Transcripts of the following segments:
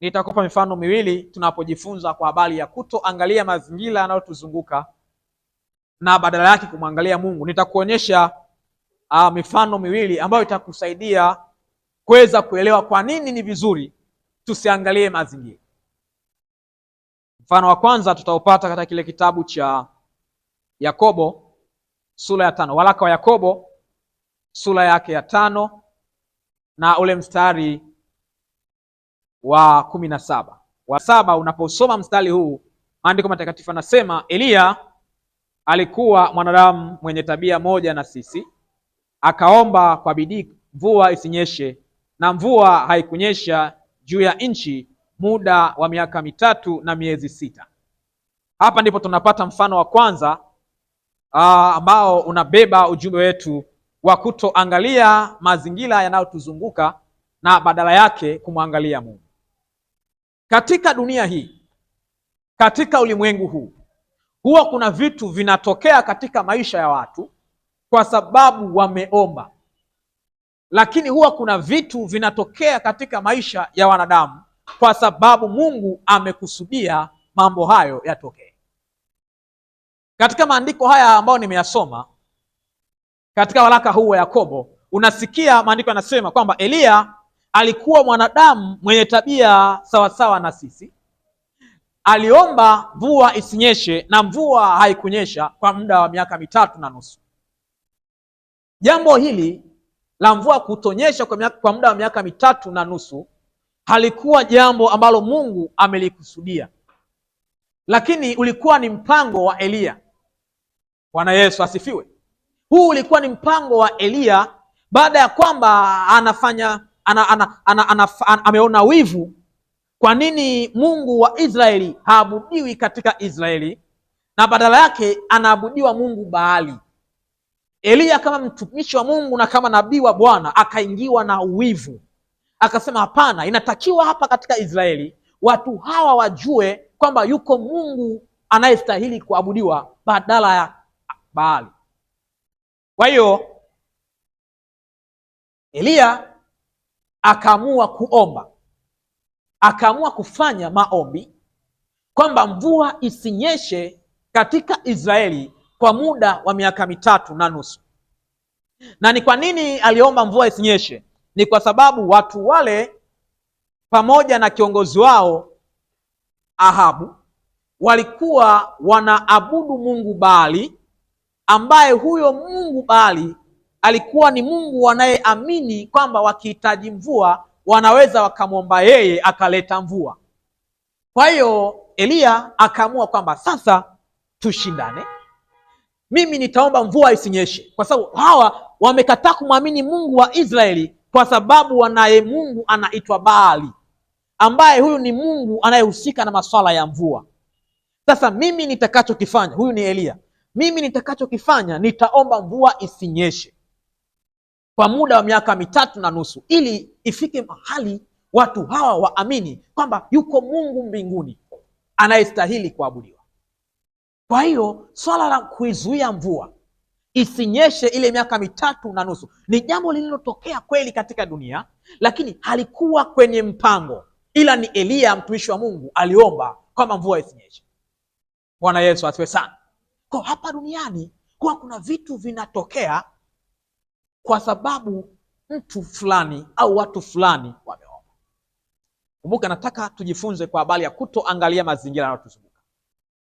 Nitakupa mifano miwili tunapojifunza kwa habari ya kutoangalia mazingira yanayotuzunguka na badala yake kumwangalia Mungu. Nitakuonyesha uh, mifano miwili ambayo itakusaidia kuweza kuelewa kwa nini ni vizuri tusiangalie mazingira. Mfano wa kwanza tutaupata katika kile kitabu cha Yakobo sura ya tano, waraka wa Yakobo sura yake ya tano na ule mstari wa kumi na saba wa saba. Unaposoma mstari huu, maandiko matakatifu anasema Eliya alikuwa mwanadamu mwenye tabia moja na sisi, akaomba kwa bidii mvua isinyeshe, na mvua haikunyesha juu ya nchi muda wa miaka mitatu na miezi sita. Hapa ndipo tunapata mfano wa kwanza ambao unabeba ujumbe wetu wa kutoangalia mazingira yanayotuzunguka na badala yake kumwangalia Mungu. Katika dunia hii, katika ulimwengu huu, huwa kuna vitu vinatokea katika maisha ya watu kwa sababu wameomba, lakini huwa kuna vitu vinatokea katika maisha ya wanadamu kwa sababu Mungu amekusudia mambo hayo yatokee. Katika maandiko haya ambayo nimeyasoma katika waraka huu wa Yakobo, unasikia maandiko yanasema kwamba Eliya alikuwa mwanadamu mwenye tabia sawasawa na sisi. Aliomba mvua isinyeshe na mvua haikunyesha kwa muda wa miaka mitatu na nusu. Jambo hili la mvua kutonyesha kwa, kwa muda wa miaka mitatu na nusu halikuwa jambo ambalo Mungu amelikusudia, lakini ulikuwa ni mpango wa Eliya. Bwana Yesu asifiwe. Huu ulikuwa ni mpango wa Eliya baada ya kwamba anafanya ana, ana, ana, ana, ana, ameona wivu. Kwa nini Mungu wa Israeli haabudiwi katika Israeli na badala yake anaabudiwa Mungu Baali? Eliya kama mtumishi wa Mungu na kama nabii wa Bwana akaingiwa na wivu, akasema hapana, inatakiwa hapa katika Israeli watu hawa wajue kwamba yuko Mungu anayestahili kuabudiwa badala ya Baali. Kwa hiyo Eliya akaamua kuomba, akaamua kufanya maombi kwamba mvua isinyeshe katika Israeli kwa muda wa miaka mitatu na nusu. Na ni kwa nini aliomba mvua isinyeshe? Ni kwa sababu watu wale pamoja na kiongozi wao Ahabu walikuwa wanaabudu mungu Baali, ambaye huyo mungu Baali alikuwa ni Mungu anayeamini kwamba wakihitaji mvua wanaweza wakamwomba yeye akaleta mvua. Kwa hiyo Eliya akaamua kwamba sasa tushindane, mimi nitaomba mvua isinyeshe, kwa sababu hawa wamekataa kumwamini Mungu wa Israeli, kwa sababu wanaye Mungu anaitwa Baali, ambaye huyu ni Mungu anayehusika na masuala ya mvua. Sasa mimi nitakachokifanya, huyu ni Eliya, mimi nitakachokifanya nitaomba mvua isinyeshe kwa muda wa miaka mitatu na nusu, ili ifike mahali watu hawa waamini kwamba yuko Mungu mbinguni anayestahili kuabudiwa. Kwa hiyo swala la kuizuia mvua isinyeshe ile miaka mitatu na nusu ni jambo lililotokea kweli katika dunia, lakini halikuwa kwenye mpango, ila ni Eliya mtumishi wa Mungu aliomba kwamba mvua isinyeshe. Bwana Yesu asiwe sana. Kwa hapa duniani huwa kuna vitu vinatokea kwa sababu mtu fulani au watu fulani wameomba. Kumbuka, nataka tujifunze kwa habari ya kutoangalia mazingira yanayotuzunguka,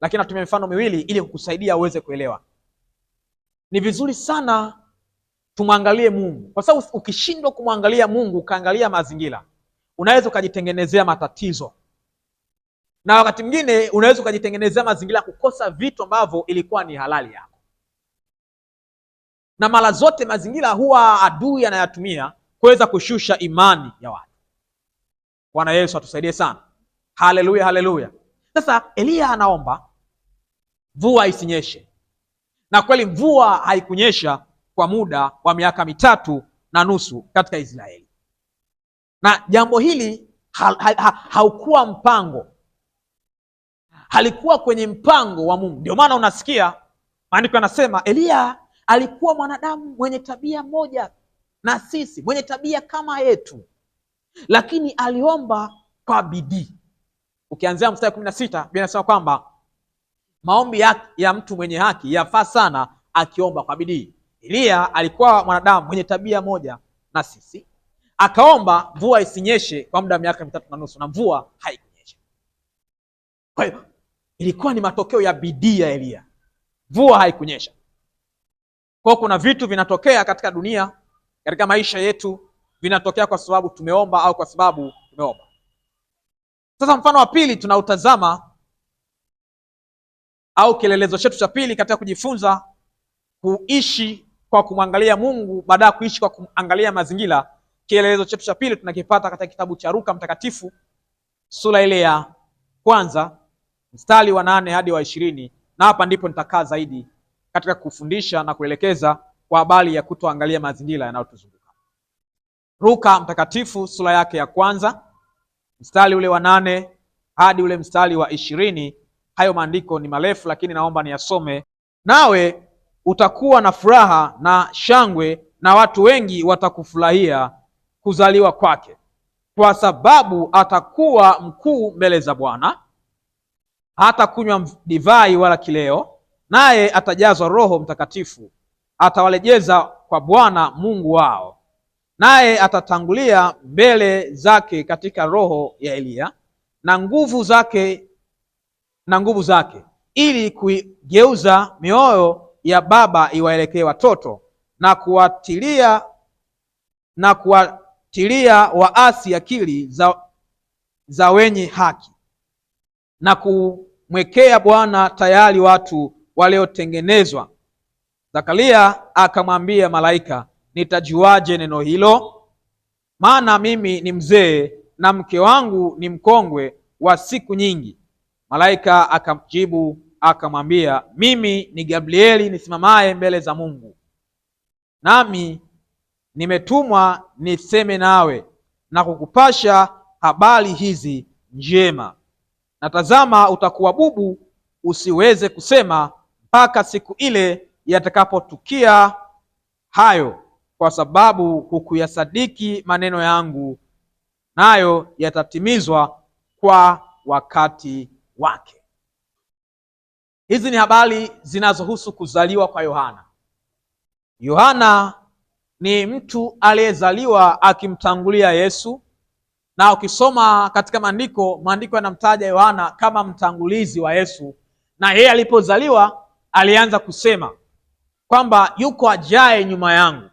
lakini natumia mifano miwili ili kukusaidia uweze kuelewa. Ni vizuri sana tumwangalie Mungu, kwa sababu ukishindwa kumwangalia Mungu ukaangalia mazingira, unaweza ukajitengenezea matatizo na wakati mwingine unaweza ukajitengenezea mazingira ya kukosa vitu ambavyo ilikuwa ni halali ya na mara zote mazingira huwa adui anayatumia kuweza kushusha imani ya watu. Bwana Yesu atusaidie sana. Haleluya, haleluya. Sasa Eliya anaomba mvua isinyeshe, na kweli mvua haikunyesha kwa muda wa miaka mitatu na nusu katika Israeli, na jambo hili ha, ha, ha, haukuwa mpango, halikuwa kwenye mpango wa Mungu. Ndio maana unasikia maandiko yanasema Eliya alikuwa mwanadamu mwenye tabia moja na sisi, mwenye tabia kama yetu, lakini aliomba kwa bidii. Ukianzia mstari kumi na sita Biblia inasema kwamba maombi ya, ya mtu mwenye haki yafaa sana akiomba kwa bidii. Eliya alikuwa mwanadamu mwenye tabia moja na sisi, akaomba mvua isinyeshe kwa muda wa miaka mitatu na nusu na mvua haikunyesha. Kwa hiyo ilikuwa ni matokeo ya bidii ya Eliya, mvua haikunyesha. Kwa kuna vitu vinatokea katika dunia, katika maisha yetu vinatokea kwa sababu tumeomba au kwa sababu tumeomba. Sasa mfano wa pili tunautazama au kielelezo chetu cha pili katika kujifunza kuishi kwa kumwangalia Mungu baada ya kuishi kwa kuangalia mazingira. Kielelezo chetu cha pili tunakipata katika kitabu cha Luka Mtakatifu sura ile ya kwanza mstari wa nane hadi wa ishirini na hapa ndipo nitakaa zaidi katika kufundisha na kuelekeza kwa habari ya kutoangalia mazingira yanayotuzunguka. Luka Mtakatifu sura yake ya kwanza mstari ule wa nane hadi ule mstari wa ishirini. Hayo maandiko ni marefu, lakini naomba niyasome. Nawe utakuwa na furaha na shangwe, na watu wengi watakufurahia kuzaliwa kwake, kwa sababu atakuwa mkuu mbele za Bwana. Hatakunywa divai wala kileo, naye atajazwa Roho Mtakatifu, atawalejeza kwa Bwana Mungu wao, naye atatangulia mbele zake katika roho ya Eliya na nguvu zake na nguvu zake, ili kuigeuza mioyo ya baba iwaelekee watoto na kuwatilia na kuwatilia waasi akili za, za wenye haki na kumwekea Bwana tayari watu waliotengenezwa. Zakaria akamwambia malaika, nitajuaje neno hilo? Maana mimi ni mzee na mke wangu ni mkongwe wa siku nyingi. Malaika akamjibu akamwambia, mimi ni Gabrieli nisimamaye mbele za Mungu, nami nimetumwa niseme nawe na kukupasha habari hizi njema. Na tazama, utakuwa bubu usiweze kusema mpaka siku ile yatakapotukia hayo, kwa sababu hukuyasadiki maneno yangu, nayo yatatimizwa kwa wakati wake. Hizi ni habari zinazohusu kuzaliwa kwa Yohana. Yohana ni mtu aliyezaliwa akimtangulia Yesu, na ukisoma katika maandiko, maandiko yanamtaja Yohana kama mtangulizi wa Yesu, na yeye alipozaliwa alianza kusema kwamba yuko ajaye nyuma yangu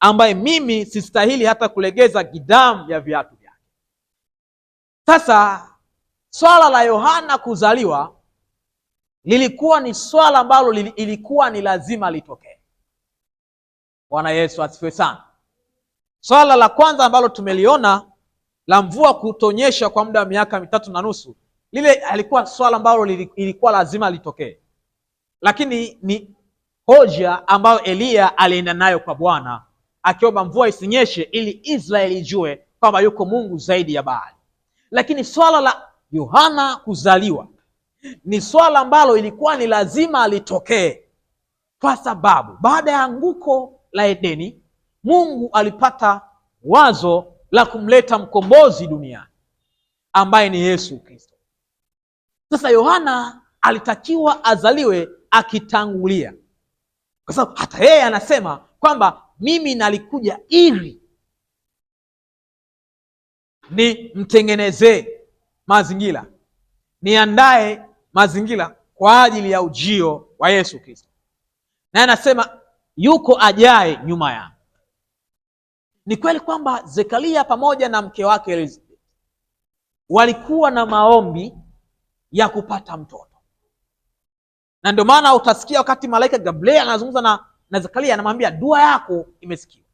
ambaye mimi sistahili hata kulegeza gidamu ya viatu vyake. Sasa swala la Yohana kuzaliwa lilikuwa ni swala ambalo ilikuwa ni lazima litokee. Bwana Yesu asifiwe sana. Swala la kwanza ambalo tumeliona la mvua kutonyesha kwa muda wa miaka mitatu na nusu, lile alikuwa swala ambalo ilikuwa lazima litokee lakini ni hoja ambayo Eliya alienda nayo kwa Bwana akiomba mvua isinyeshe ili Israeli ijue kwamba yuko Mungu zaidi ya Baali. Lakini swala la Yohana kuzaliwa ni swala ambalo ilikuwa ni lazima litokee, kwa sababu baada ya anguko la Edeni, Mungu alipata wazo la kumleta mkombozi duniani ambaye ni Yesu Kristo. Sasa Yohana alitakiwa azaliwe akitangulia, kwa sababu hata yeye anasema kwamba mimi nalikuja ili ni mtengenezee mazingira, niandae mazingira kwa ajili ya ujio wa Yesu Kristo, naye anasema yuko ajaye nyuma ya Ni kweli kwamba Zekaria pamoja na mke wake Elizabeth walikuwa na maombi ya kupata mtoto na ndio maana utasikia wakati malaika Gabriel anazungumza na, na Zakaria anamwambia dua yako imesikiwa.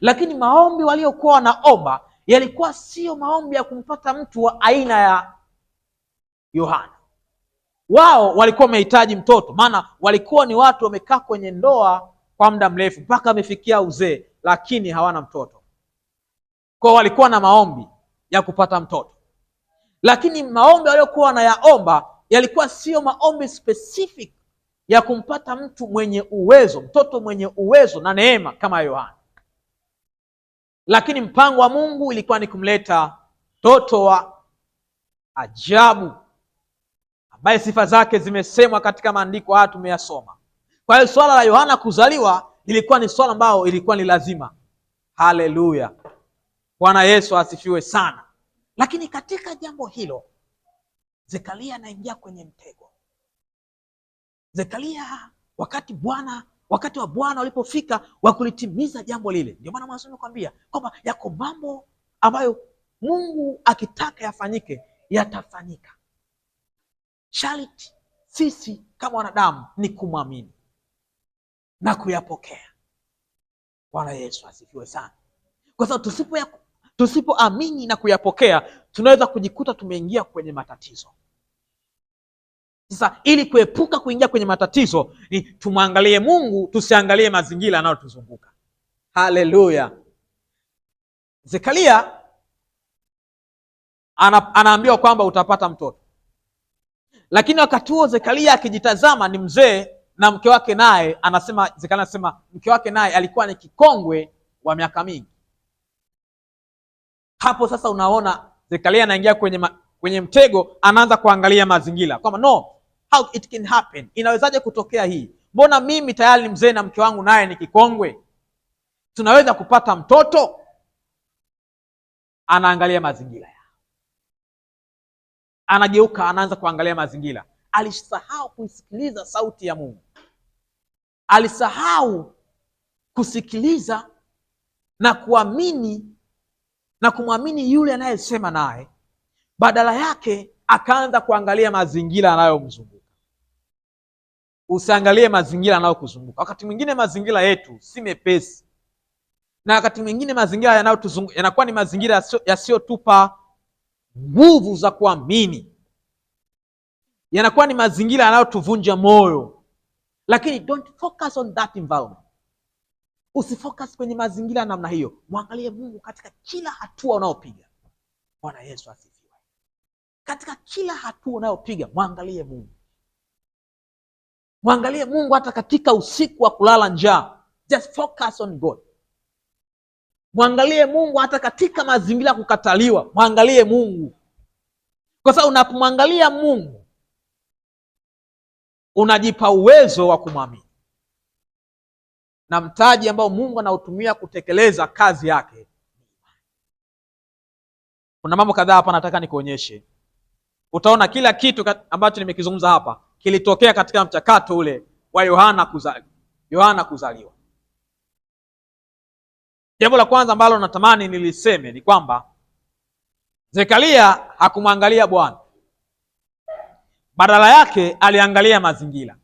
Lakini maombi waliokuwa wanaomba yalikuwa sio maombi ya kumpata mtu wa aina ya Yohana. Wao walikuwa wamehitaji mtoto, maana walikuwa ni watu wamekaa kwenye ndoa kwa muda mrefu mpaka wamefikia uzee, lakini hawana mtoto. Kwao walikuwa na maombi ya kupata mtoto, lakini maombi waliokuwa wanayaomba yalikuwa siyo maombi specific ya kumpata mtu mwenye uwezo, mtoto mwenye uwezo na neema kama Yohana, lakini mpango wa Mungu ilikuwa ni kumleta mtoto wa ajabu ambaye sifa zake zimesemwa katika maandiko haya tumeyasoma. Kwa hiyo swala la Yohana kuzaliwa ilikuwa ni swala ambayo ilikuwa ni lazima. Haleluya, Bwana Yesu asifiwe sana. Lakini katika jambo hilo Zekaria anaingia kwenye mtego. Zekaria wakati Bwana wakati wa Bwana walipofika wa kulitimiza jambo lile, ndio maana mwanzo nimekwambia kwamba yako mambo ambayo Mungu akitaka yafanyike yatafanyika. Sharti sisi kama wanadamu ni kumwamini na kuyapokea. Bwana Yesu asifiwe sana, kwa sababu tusipo Tusipoamini na kuyapokea, tunaweza kujikuta tumeingia kwenye matatizo. Sasa ili kuepuka kuingia kwenye matatizo ni tumwangalie Mungu, tusiangalie mazingira yanayotuzunguka. Haleluya! Zekaria ana, anaambiwa kwamba utapata mtoto, lakini wakati huo Zekaria akijitazama ni mzee na mke wake naye anasema, Zekaria anasema mke wake naye alikuwa ni kikongwe wa miaka mingi. Hapo sasa unaona serikali anaingia kwenye kwenye mtego, anaanza kuangalia mazingira kwamba no how it can happen, inawezaje kutokea hii? Mbona mimi tayari ni mzee na mke wangu naye ni kikongwe, tunaweza kupata mtoto? Anaangalia mazingira ya anageuka, anaanza kuangalia mazingira. Alisahau kuisikiliza sauti ya Mungu, alisahau kusikiliza na kuamini na kumwamini yule anayesema naye, badala yake akaanza kuangalia mazingira anayomzunguka. Usiangalie mazingira anayokuzunguka. Wakati mwingine mazingira yetu si mepesi, na wakati mwingine mazingira yanayotuzunguka yanakuwa ni mazingira yasiyotupa nguvu za kuamini, yanakuwa ni mazingira yanayotuvunja moyo, lakini don't focus on that environment. Usifocus kwenye mazingira namna hiyo, mwangalie Mungu katika kila hatua unayopiga. Bwana Yesu asifiwe. Katika kila hatua unayopiga mwangalie Mungu, mwangalie Mungu hata katika usiku wa kulala njaa. Just focus on God. Mwangalie Mungu hata katika mazingira ya kukataliwa, mwangalie Mungu, kwa sababu unapomwangalia Mungu unajipa uwezo wa kumwamini na mtaji ambao Mungu anautumia kutekeleza kazi yake. Kuna mambo kadhaa hapa nataka nikuonyeshe. Utaona kila kitu ambacho nimekizungumza hapa kilitokea katika mchakato ule wa Yohana kuzali, Yohana kuzaliwa. Jambo la kwanza ambalo natamani niliseme ni kwamba Zekaria hakumwangalia Bwana, badala yake aliangalia mazingira.